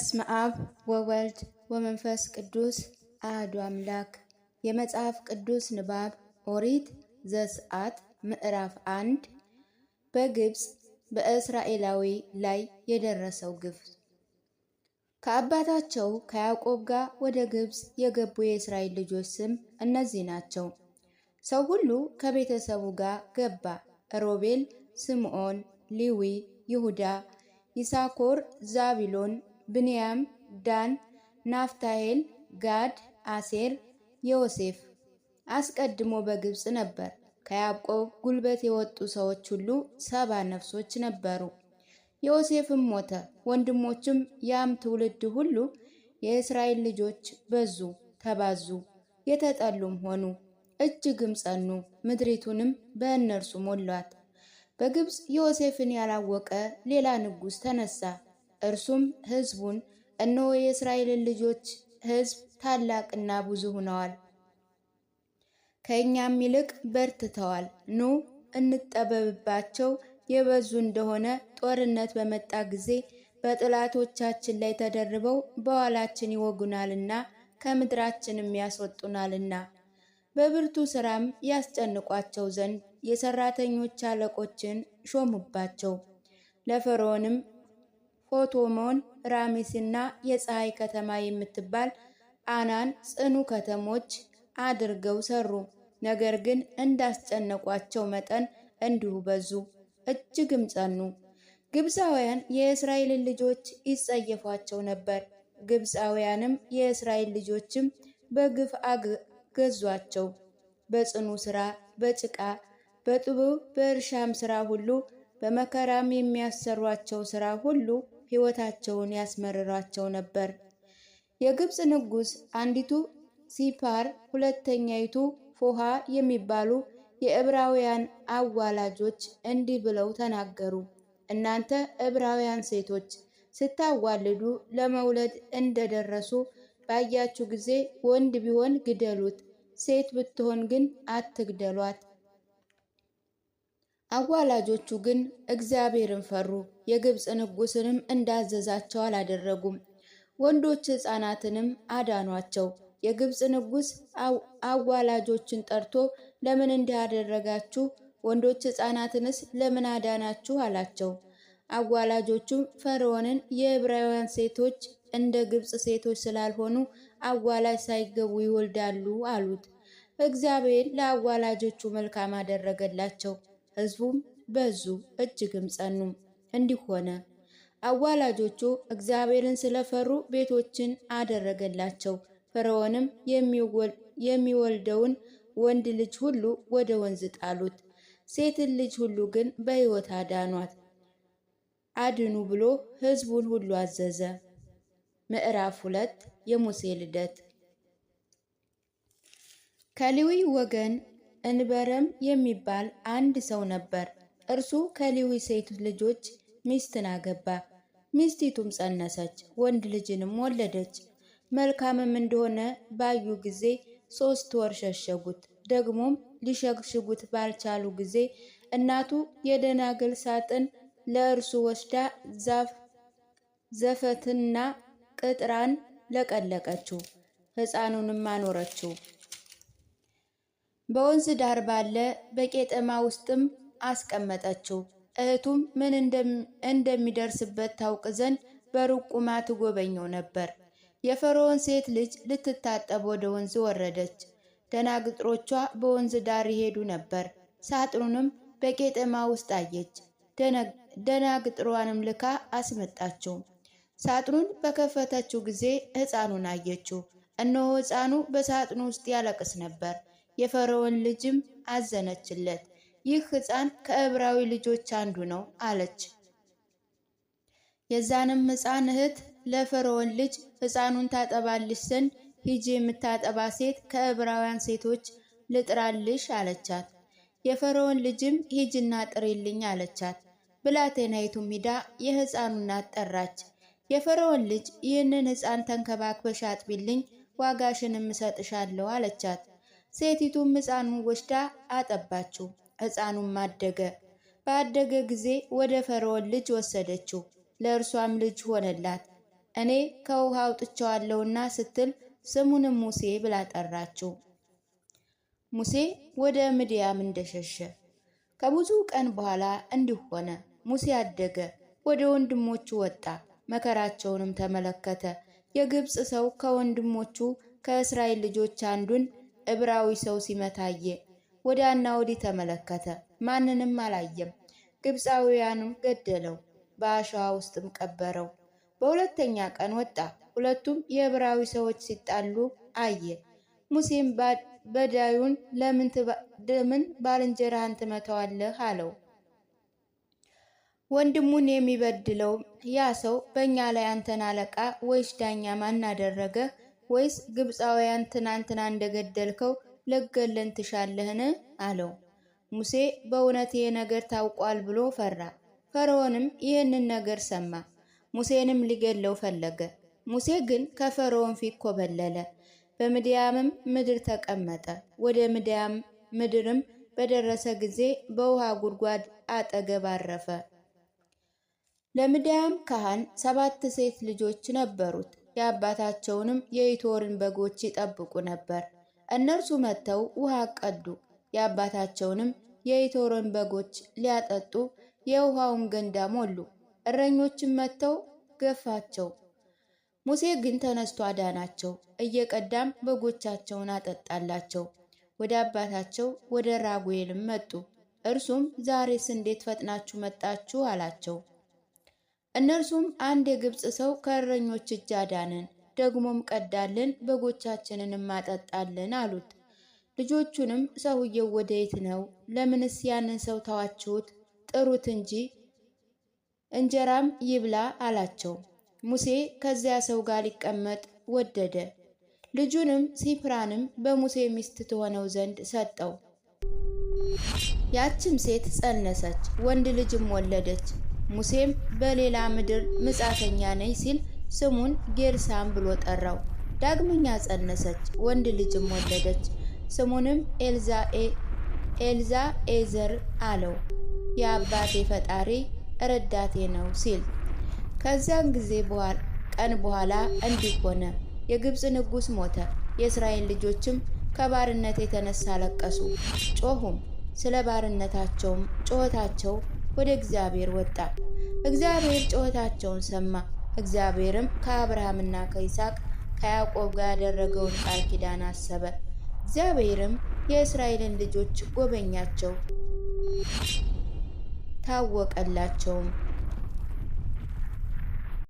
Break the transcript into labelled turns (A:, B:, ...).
A: በስመ አብ ወወልድ ወመንፈስ ቅዱስ አህዱ አምላክ። የመጽሐፍ ቅዱስ ንባብ ኦሪት ዘፀአት ምዕራፍ አንድ በግብፅ በእስራኤላዊ ላይ የደረሰው ግፍ። ከአባታቸው ከያዕቆብ ጋር ወደ ግብፅ የገቡ የእስራኤል ልጆች ስም እነዚህ ናቸው። ሰው ሁሉ ከቤተሰቡ ጋር ገባ። ሮቤል፣ ስምዖን፣ ሊዊ፣ ይሁዳ፣ ይሳኮር፣ ዛቢሎን፣ ብንያም፣ ዳን፣ ናፍታሄል፣ ጋድ፣ አሴር፣ ዮሴፍ አስቀድሞ በግብፅ ነበር። ከያዕቆብ ጉልበት የወጡ ሰዎች ሁሉ ሰባ ነፍሶች ነበሩ። ዮሴፍም ሞተ፣ ወንድሞቹም ያም ትውልድ ሁሉ የእስራኤል ልጆች በዙ፣ ተባዙ፣ የተጠሉም ሆኑ፣ እጅግም ጸኑ፣ ምድሪቱንም በእነርሱ ሞሏት። በግብፅ ዮሴፍን ያላወቀ ሌላ ንጉሥ ተነሳ። እርሱም ሕዝቡን እነሆ የእስራኤልን ልጆች ሕዝብ ታላቅና ብዙ ሆነዋል፣ ከእኛም ይልቅ በርትተዋል። ኑ እንጠበብባቸው፣ የበዙ እንደሆነ ጦርነት በመጣ ጊዜ በጠላቶቻችን ላይ ተደርበው በኋላችን ይወጉናልና ከምድራችንም ያስወጡናልና በብርቱ ስራም ያስጨንቋቸው ዘንድ የሰራተኞች አለቆችን ሾሙባቸው። ለፈርዖንም ሆቶሞን፣ ራሚስና የፀሐይ ከተማ የምትባል አናን ጽኑ ከተሞች አድርገው ሰሩ። ነገር ግን እንዳስጨነቋቸው መጠን እንዲሁ በዙ፣ እጅግም ጸኑ። ግብፃውያን የእስራኤልን ልጆች ይጸየፏቸው ነበር። ግብፃውያንም የእስራኤል ልጆችም በግፍ አገዟቸው። በጽኑ ስራ፣ በጭቃ በጡብ በእርሻም ስራ ሁሉ በመከራም የሚያሰሯቸው ስራ ሁሉ ሕይወታቸውን ያስመርራቸው ነበር። የግብፅ ንጉሥ አንዲቱ ሲፓር ሁለተኛይቱ ፎሃ የሚባሉ የዕብራውያን አዋላጆች እንዲህ ብለው ተናገሩ። እናንተ ዕብራውያን ሴቶች ስታዋልዱ ለመውለድ እንደደረሱ ባያችሁ ጊዜ ወንድ ቢሆን ግደሉት፣ ሴት ብትሆን ግን አትግደሏት። አዋላጆቹ ግን እግዚአብሔርን ፈሩ፣ የግብፅ ንጉሥንም እንዳዘዛቸው አላደረጉም። ወንዶች ሕፃናትንም አዳኗቸው። የግብፅ ንጉሥ አዋላጆችን ጠርቶ ለምን እንዲያደረጋችሁ ወንዶች ሕፃናትንስ ለምን አዳናችሁ? አላቸው። አዋላጆቹም ፈርዖንን የዕብራውያን ሴቶች እንደ ግብፅ ሴቶች ስላልሆኑ አዋላጅ ሳይገቡ ይወልዳሉ አሉት። እግዚአብሔር ለአዋላጆቹ መልካም አደረገላቸው። ሕዝቡም በዙ እጅግም ጸኑ። እንዲህ ሆነ፣ አዋላጆቹ እግዚአብሔርን ስለፈሩ ቤቶችን አደረገላቸው። ፈርዖንም የሚወልደውን ወንድ ልጅ ሁሉ ወደ ወንዝ ጣሉት፣ ሴትን ልጅ ሁሉ ግን በሕይወት አዳኗት አድኑ ብሎ ሕዝቡን ሁሉ አዘዘ። ምዕራፍ ሁለት የሙሴ ልደት ከሌዊ ወገን እንበረም የሚባል አንድ ሰው ነበር። እርሱ ከሊዊ ሴት ልጆች ሚስትን አገባ። ሚስቲቱም ጸነሰች፣ ወንድ ልጅንም ወለደች። መልካምም እንደሆነ ባዩ ጊዜ ሶስት ወር ሸሸጉት። ደግሞም ሊሸግሽጉት ባልቻሉ ጊዜ እናቱ የደናግል ሳጥን ለእርሱ ወስዳ ዛፍ ዘፈትና ቅጥራን ለቀለቀችው፣ ሕፃኑንም አኖረችው። በወንዝ ዳር ባለ በቄጠማ ውስጥም አስቀመጠችው። እህቱም ምን እንደሚደርስበት ታውቅ ዘንድ በሩቅ ትጎበኘው ነበር። የፈርዖን ሴት ልጅ ልትታጠብ ወደ ወንዝ ወረደች። ደናግጥሮቿ በወንዝ ዳር ይሄዱ ነበር። ሳጥኑንም በቄጠማ ውስጥ አየች። ደናግጥሯንም ልካ አስመጣችው። ሳጥኑን በከፈተችው ጊዜ ሕፃኑን አየችው። እነሆ ሕፃኑ በሳጥኑ ውስጥ ያለቅስ ነበር። የፈርዖን ልጅም አዘነችለት። ይህ ሕፃን ከዕብራዊ ልጆች አንዱ ነው አለች። የዛንም ሕፃን እህት ለፈርዖን ልጅ ሕፃኑን ታጠባልሽ ዘንድ ሂጂ፣ የምታጠባ ሴት ከዕብራውያን ሴቶች ልጥራልሽ አለቻት። የፈርዖን ልጅም ሂጂና ጥሪልኝ አለቻት። ብላቴናይቱም ሂዳ የሕፃኑን እናት ጠራች። የፈርዖን ልጅ ይህንን ሕፃን ተንከባክበሽ አጥቢልኝ፣ ዋጋሽን እሰጥሻለሁ አለቻት። ሴቲቱም ሕፃኑን ወስዳ አጠባችው። ሕፃኑም አደገ። ባደገ ጊዜ ወደ ፈርዖን ልጅ ወሰደችው፣ ለእርሷም ልጅ ሆነላት። እኔ ከውሃ አውጥቼዋለሁና ስትል ስሙንም ሙሴ ብላ ጠራችው። ሙሴ ወደ ምድያም እንደሸሸ ከብዙ ቀን በኋላ እንዲህ ሆነ። ሙሴ አደገ፣ ወደ ወንድሞቹ ወጣ፣ መከራቸውንም ተመለከተ። የግብፅ ሰው ከወንድሞቹ ከእስራኤል ልጆች አንዱን እብራዊ ሰው ሲመታየ ወዲያና ወዲህ ተመለከተ፣ ማንንም አላየም። ግብፃውያንም ገደለው፣ በአሸዋ ውስጥም ቀበረው። በሁለተኛ ቀን ወጣ፣ ሁለቱም የእብራዊ ሰዎች ሲጣሉ አየ። ሙሴም በዳዩን ለምን ባልንጀራህን ትመታዋለህ አለው። ወንድሙን የሚበድለው ያ ሰው በእኛ ላይ አንተን አለቃ ወይስ ዳኛ ማን አደረገ? ወይስ ግብፃውያን ትናንትና እንደገደልከው ልገለን ትሻለህን? አለው። ሙሴ በእውነት ይህ ነገር ታውቋል ብሎ ፈራ። ፈርዖንም ይህንን ነገር ሰማ። ሙሴንም ሊገለው ፈለገ። ሙሴ ግን ከፈርዖን ፊት ኮበለለ። በምድያምም ምድር ተቀመጠ። ወደ ምድያም ምድርም በደረሰ ጊዜ በውሃ ጉድጓድ አጠገብ አረፈ። ለምድያም ካህን ሰባት ሴት ልጆች ነበሩት። የአባታቸውንም የኢቶርን በጎች ይጠብቁ ነበር። እነርሱ መጥተው ውሃ ቀዱ። የአባታቸውንም የኢቶርን በጎች ሊያጠጡ የውሃውን ገንዳ ሞሉ። እረኞችም መጥተው ገፋቸው። ሙሴ ግን ተነስቶ አዳናቸው፣ እየቀዳም በጎቻቸውን አጠጣላቸው። ወደ አባታቸው ወደ ራጉኤልም መጡ። እርሱም ዛሬስ እንዴት ፈጥናችሁ መጣችሁ አላቸው። እነርሱም አንድ የግብፅ ሰው ከእረኞች እጅ አዳነን፣ ደግሞም ቀዳልን፣ በጎቻችንንም ማጠጣልን አሉት። ልጆቹንም ሰውየው ወደየት ነው? ለምንስ ያንን ሰው ተዋችሁት? ጥሩት እንጂ እንጀራም ይብላ አላቸው። ሙሴ ከዚያ ሰው ጋር ሊቀመጥ ወደደ። ልጁንም ሲፕራንም በሙሴ ሚስት ትሆነው ዘንድ ሰጠው። ያችም ሴት ጸነሰች፣ ወንድ ልጅም ወለደች። ሙሴም በሌላ ምድር ምጻተኛ ነኝ ሲል ስሙን ጌርሳም ብሎ ጠራው። ዳግመኛ ጸነሰች፣ ወንድ ልጅም ወለደች። ስሙንም ኤልዛ ኤዘር አለው፣ የአባቴ ፈጣሪ ረዳቴ ነው ሲል። ከዚያን ጊዜ ቀን በኋላ እንዲህ ሆነ፣ የግብፅ ንጉሥ ሞተ። የእስራኤል ልጆችም ከባርነት የተነሳ ለቀሱ ጮሁም። ስለ ባርነታቸውም ጩኸታቸው ወደ እግዚአብሔር ወጣ። እግዚአብሔር ጩኸታቸውን ሰማ። እግዚአብሔርም ከአብርሃምና ከይስሐቅ ከያዕቆብ ጋር ያደረገውን ቃል ኪዳን አሰበ። እግዚአብሔርም የእስራኤልን ልጆች ጎበኛቸው፣ ታወቀላቸውም።